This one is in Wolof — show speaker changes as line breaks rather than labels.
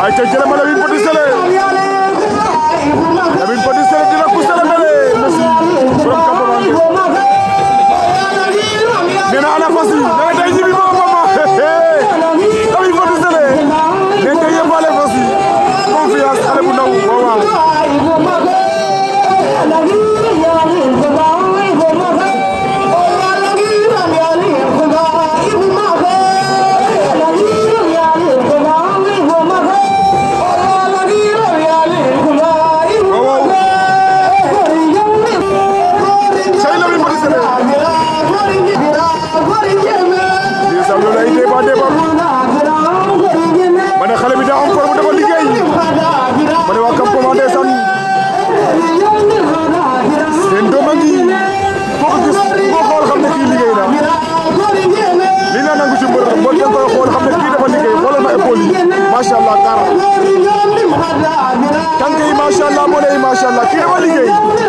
Ay ca jële ma la bi
lay débat débat ma ne
xale bi daa am forme dafa liggéey ma ne waa kam commandé san
seen doom a ngi boo gis xool xam ne kii liggéey na
li la nangu ci mbër xam ne kii dafa liggéey xoolal ma épaule yi macha allah kar tànk yi macha kii dafa liggéey